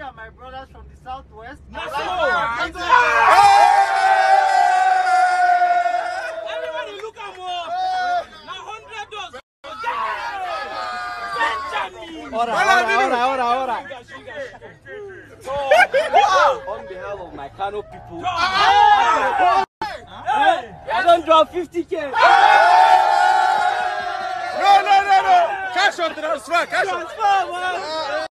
and my brothers from the southwest. Everybody look at hundred On behalf of my Kano people, hey! Hey! I don't draw 50k. Cash on transfer, cash on transfer.